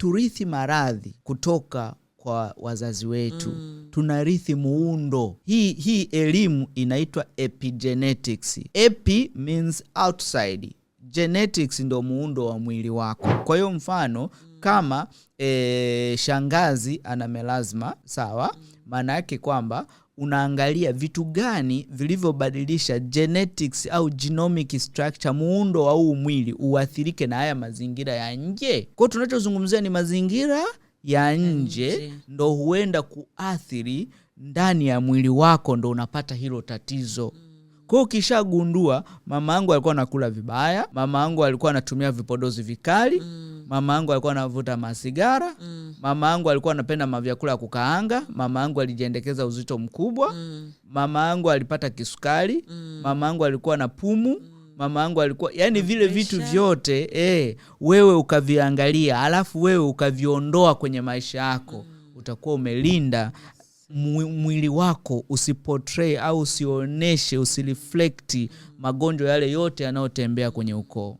haturithi maradhi kutoka kwa wazazi wetu mm. Tunarithi muundo. Hii hii elimu inaitwa epigenetics. Epi means outside genetics ndo muundo wa mwili wako. Kwa hiyo mfano kama e, shangazi ana melasma sawa, maana yake kwamba unaangalia vitu gani vilivyobadilisha genetics au genomic structure, muundo wa huu mwili uathirike na haya mazingira ya nje. Kwa hiyo tunachozungumzia ni mazingira ya nje ndo huenda kuathiri ndani ya mwili wako, ndo unapata hilo tatizo. Kwa hiyo ukishagundua mama yangu alikuwa anakula vibaya, mama yangu alikuwa anatumia vipodozi vikali mm. mama yangu alikuwa anavuta masigara mm. mama yangu alikuwa anapenda mavyakula ya kukaanga, mama yangu alijiendekeza uzito mkubwa mm. mama yangu alipata kisukari mm. mama yangu alikuwa na pumu mm mama yangu alikuwa yani vile vitu vyote eh, wewe ukaviangalia, alafu wewe ukaviondoa kwenye maisha yako mm. utakuwa umelinda mwili wako usipotrei au usioneshe usireflekti magonjwa yale yote yanayotembea kwenye ukoo.